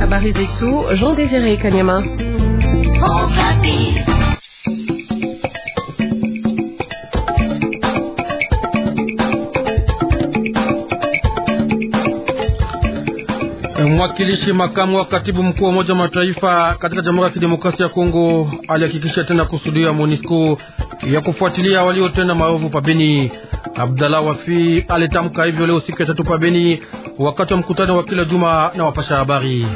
Habari zetu Jean Désiré Kanyama. Mwakilishi makamu wa katibu mkuu wa Umoja Mataifa katika Jamhuri ya Kidemokrasia ya Kongo alihakikisha tena kusudia ya MONUSCO ya kufuatilia waliotenda maovu pabeni. Abdallah Wafi alitamka hivyo leo siku ya tatu pabeni wakati wa mkutano wa kila juma na wapasha habari.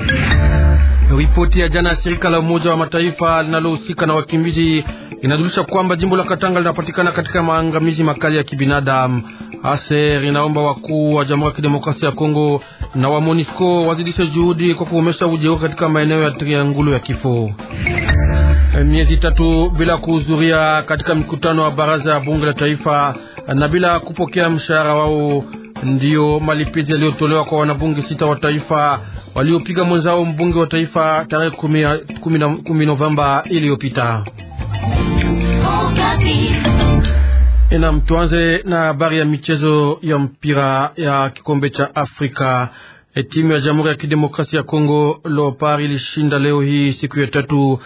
Ripoti ya jana ya shirika la Umoja wa Mataifa linalohusika na wakimbizi inajulisha kwamba jimbo la Katanga linapatikana katika maangamizi makali ya kibinadamu. Aser inaomba wakuu wa Jamhuri ya Kidemokrasia ya Kongo na wa MONUSCO wazidishe juhudi kwa kuomesha ujeuri katika maeneo ya triangulu ya kifo. Miezi tatu bila kuhudhuria katika mikutano wa baraza ya bunge la taifa na bila kupokea mshahara wao Ndiyo malipizi yaliyotolewa kwa wanabunge sita wa taifa waliopiga mwenzao mbunge wa taifa tarehe kumi Novemba iliyopita. Na mtuanze na habari ya michezo ya mpira ya kikombe cha Afrika. E, Timu ya Jamhuri ya Kidemokrasia ya Kongo Leopard ilishinda leo hii siku ya tatu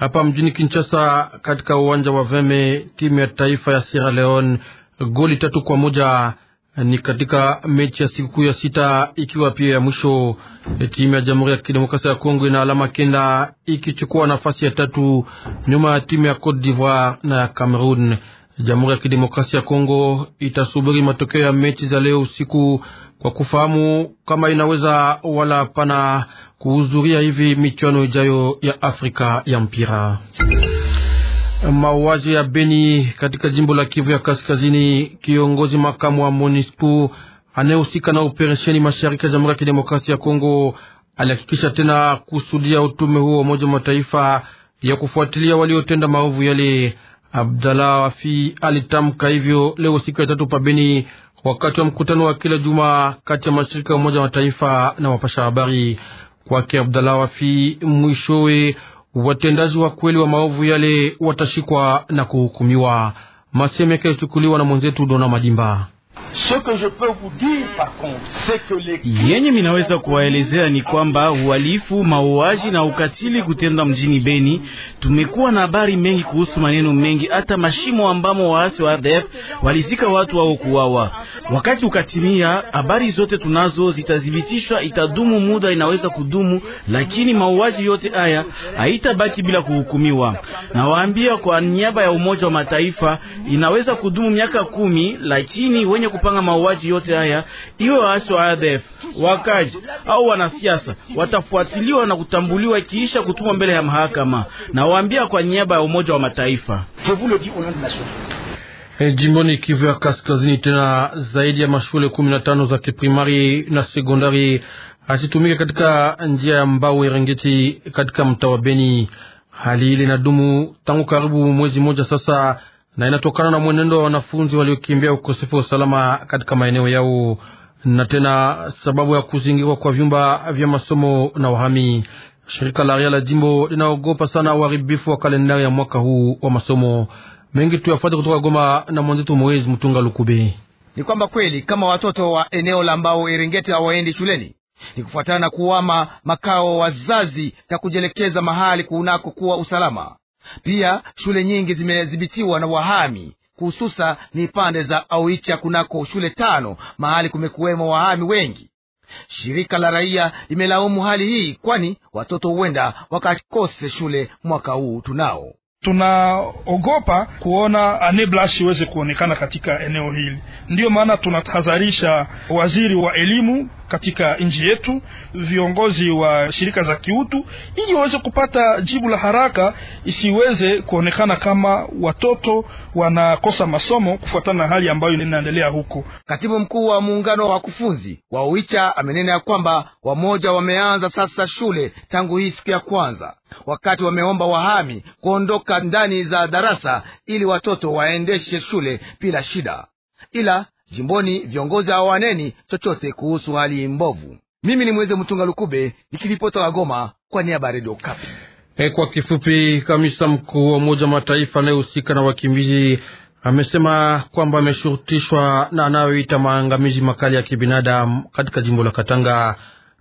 hapa mjini Kinshasa, katika uwanja wa Veme timu ya taifa ya Sierra Leone goli tatu kwa moja ni katika mechi ya siku ya sita ikiwa pia ya mwisho, eh, timu ya Jamhuri ya Kidemokrasia ya Kongo ina alama kenda ikichukua nafasi ya tatu nyuma ya timu ya Cote d'Ivoire na ya Cameroon. Jamhuri ya Kidemokrasia ya Kongo itasubiri matokeo ya mechi za leo usiku kwa kufahamu kama inaweza wala hapana kuhudhuria hivi michuano ijayo ya Afrika ya mpira. Mauaji ya Beni katika jimbo la Kivu ya Kaskazini. Kiongozi makamu wa MONUSCO anayehusika na operesheni mashariki ya Jamhuri ya Kidemokrasia ya Kongo alihakikisha tena kusudia utume huo wa Umoja wa Mataifa ya kufuatilia waliotenda maovu yale. abdalah Wafi alitamka hivyo leo siku ya tatu Pabeni, wakati wa mkutano wa kila juma kati ya mashirika ya Umoja wa Mataifa na wapasha habari. Kwake Abdalah Wafi mwishowe watendaji wa kweli wa maovu yale watashikwa na kuhukumiwa. Maseme yake yalichukuliwa na mwenzetu Dona Madimba yenye minaweza kuwaelezea ni kwamba uhalifu, mauaji na ukatili kutenda mjini Beni. Tumekuwa na habari mengi kuhusu maneno mengi, hata mashimo ambamo waasi wa RDF walizika watu wao kuwawa. Wakati ukatimia, habari zote tunazo zitathibitishwa, itadumu muda, inaweza kudumu, lakini mauaji yote haya haitabaki bila kuhukumiwa. Nawaambia kwa niaba ya Umoja wa Mataifa, inaweza kudumu miaka kumi, lakini wenye kupanga mauaji yote haya, iwe waasi wa ADF, wakaji au wanasiasa, watafuatiliwa na kutambuliwa kiisha kutumwa mbele ya mahakama, na waambia kwa niaba ya Umoja wa Mataifa. Eh, jimboni Kivu ya Kaskazini, tena zaidi ya mashule kumi na tano za kiprimari na sekondari hazitumike katika njia ya mbao Erengeti katika mtaa wa Beni. Hali ile inadumu tangu karibu mwezi mmoja sasa, na inatokana na mwenendo wa wanafunzi waliokimbia ukosefu wa usalama katika maeneo yao na tena sababu ya kuzingirwa kwa vyumba vya masomo na wahami. Shirika la ria la jimbo linaogopa sana uharibifu wa kalendari ya mwaka huu wa masomo. Mengi tuyafuate kutoka Goma na mwenzetu Moezi Mtunga Lukube. Ni kwamba kweli kama watoto wa eneo la Mbao Erengeti hawaendi shuleni ni kufuatana na kuwama makao wazazi na kujielekeza mahali kunako kuwa usalama. Pia shule nyingi zimedhibitiwa na wahami hususa ni pande za auicha kunako shule tano mahali kumekuwemo wahami wengi. Shirika la raia limelaumu hali hii, kwani watoto huenda wakakose shule mwaka huu tunao tunaogopa kuona aneblash iweze kuonekana katika eneo hili. Ndiyo maana tunatahadharisha waziri wa elimu katika nchi yetu, viongozi wa shirika za kiutu, ili waweze kupata jibu la haraka, isiweze kuonekana kama watoto wanakosa masomo kufuatana na hali ambayo inaendelea huko. Katibu mkuu wa muungano wa wakufunzi wa Uicha amenena ya kwamba wamoja wameanza sasa shule tangu hii siku ya kwanza, wakati wameomba wahami kuondoka ndani za darasa ili watoto waendeshe shule bila shida, ila Jimboni viongozi hawaneni chochote kuhusu hali mbovu. Mimi ni Mweze Mtunga Lukube nikiripota wa Goma kwa niaba ya Redio Kapi. E, eh, kwa kifupi, kamisa mkuu wa Umoja Mataifa anayehusika na wakimbizi amesema kwamba ameshurutishwa na anayoita maangamizi makali ya kibinadamu katika jimbo la Katanga.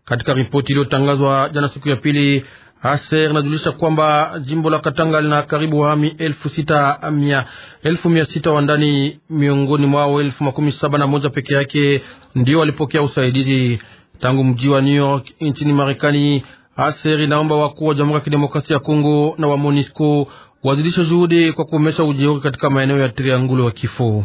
Katika ripoti iliyotangazwa jana siku ya pili Aser inajulisha kwamba jimbo la Katanga lina karibu wahami elfu sita mia elfu mia sita wa ndani, miongoni mwao elfu makumi saba na moja peke yake ndio walipokea usaidizi tangu mji wa New York nchini Marekani. Aser inaomba wakuu wa Jamhuri ya Kidemokrasia ya Kongo na wa MONUSCO wazidishe juhudi kwa kuomesha ujeuri katika maeneo ya triangulo wa kifo.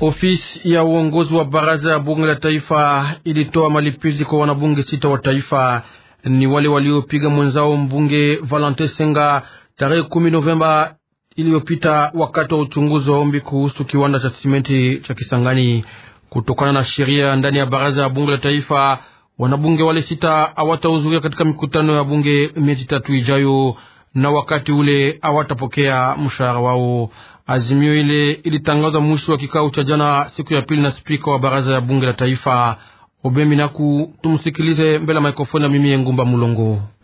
Ofisi ya uongozi wa baraza ya bunge la taifa ilitoa malipizi kwa wanabunge sita wa taifa ni wale waliopiga mwenzao mbunge Valentin Senga tarehe kumi Novemba iliyopita wakati wa uchunguzi wa ombi kuhusu kiwanda cha simenti cha Kisangani. Kutokana na sheria ndani ya baraza ya bunge la taifa, wanabunge wale sita hawatahudhuria katika mikutano ya bunge miezi tatu ijayo, na wakati ule hawatapokea mshahara wao. Azimio ile ilitangazwa mwisho wa kikao cha jana siku ya pili na spika wa baraza ya bunge la taifa. Obembi naku, tumsikilize mbele ya mikrofoni na mimi Engumba Mulongo.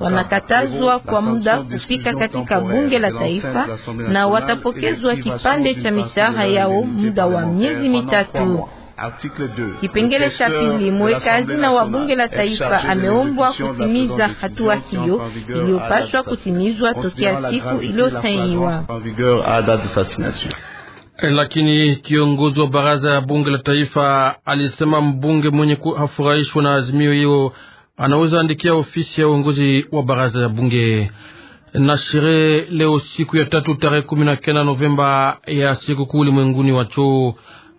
wanakatazwa kwa muda kufika katika bunge la taifa na watapokezwa kipande cha mishahara yao muda wa miezi mitatu. Kipengele cha pili, mweka hazina wa bunge la taifa ameombwa kutimiza hatua hiyo iliyopaswa kutimizwa tokea siku iliyosainiwa. Eh, lakini kiongozi wa baraza ya bunge la taifa alisema mbunge mwenye kufurahishwa na azimio hiyo anaweza andikia ofisi ya uongozi wa baraza ya bunge. Na sherehe leo siku ya tatu tarehe kumi na kenda Novemba ya sikukuu ulimwenguni wa choo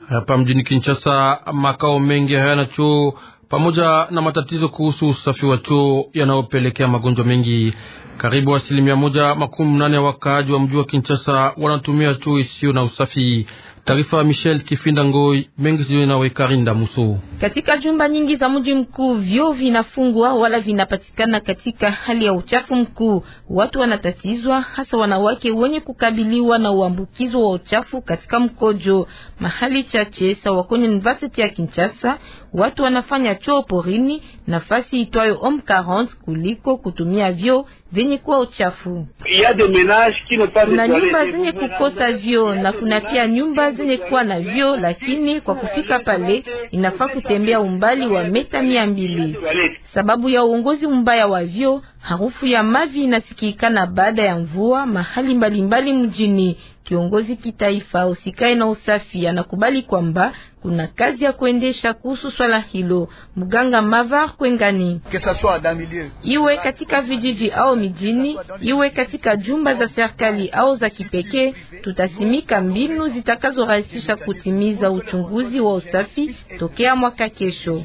hapa mjini Kinshasa, makao mengi hayana choo pamoja na matatizo kuhusu usafi wa choo yanayopelekea magonjwa mengi. Karibu asilimia moja makumi mnane ya wakaaji wa mji wa Kinshasa wanatumia choo isiyo na usafi. Taarifa ya Michel Kifinda Ngoi mengi sio nawe Karinda Muso. Katika jumba nyingi za mji mkuu vyo vinafungwa wala vinapatikana katika hali ya uchafu mkuu. Watu wanatatizwa, hasa wanawake wenye kukabiliwa na uambukizo wa uchafu katika mkojo. Mahali chache sawa kwenye University ya Kinshasa, watu wanafanya choo porini, nafasi itwayo Om 40 kuliko kutumia vyo zenye kuwa uchafu. na nyumba zenye kukosa vyo na kuna pia nyumba zenye kuwa na vyo lakini kwa kufika pale inafaa kutembea umbali wa meta mia mbili sababu ya uongozi mbaya wa vyo Harufu ya mavi inasikikana baada ya mvua mahali mbalimbali mbali mjini. Kiongozi kitaifa usikae na usafi anakubali kwamba kuna kazi ya kuendesha kuhusu swala hilo. Mganga Mavar Kwengani, iwe katika vijiji au mijini, iwe katika jumba za serikali au za kipekee, tutasimika mbinu zitakazorahisisha kutimiza uchunguzi wa usafi tokea mwaka kesho.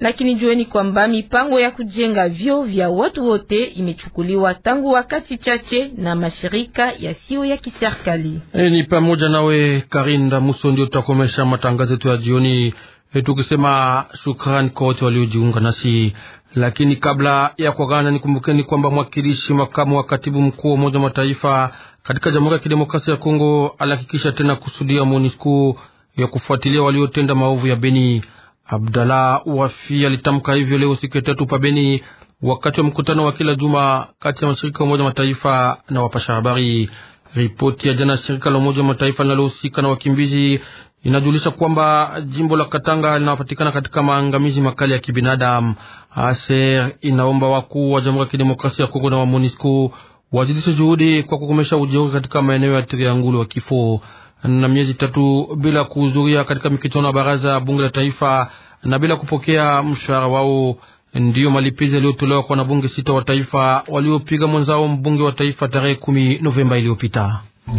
Lakini jueni kwamba mipango ya kujenga vyoo vya watu wote imechukuliwa tangu wakati chache na mashirika yasiyo ya kiserikali. Hey, eh, ni pamoja nawe Karinda Muso ndio tutakomesha matangazo yetu ya jioni, eh, tukisema shukrani kwa wote waliojiunga nasi. Lakini kabla ya kuagana, nikumbukeni kwamba mwakilishi makamu wa katibu mkuu wa Umoja wa Mataifa katika Jamhuri ya Kidemokrasia ya Kongo alihakikisha tena kusudia MONUSCO ya kufuatilia waliotenda maovu ya Beni. Abdallah Wafi alitamka hivyo leo siku ya tatu pa Beni wakati wa mkutano wa kila juma kati ya mashirika ya Umoja wa Mataifa na wapasha habari. Ripoti ya jana shirika la Umoja wa Mataifa linalohusika na wakimbizi inajulisha kwamba jimbo la Katanga linapatikana katika maangamizi makali ya kibinadamu. Aser inaomba wakuu wa Jamhuri ya Kidemokrasia ya Kongo na wa MONUSCO wazidishe juhudi kwa kukomesha ujeuri katika maeneo ya Triangulu wa kifo na miezi tatu bila kuhudhuria katika mikutano ya baraza ya bunge la taifa na bila kupokea mshahara wao. Ndiyo malipizi yaliyotolewa kwa wanabunge sita wa taifa waliopiga mwenzao mbunge wa taifa tarehe kumi Novemba iliyopita. mm.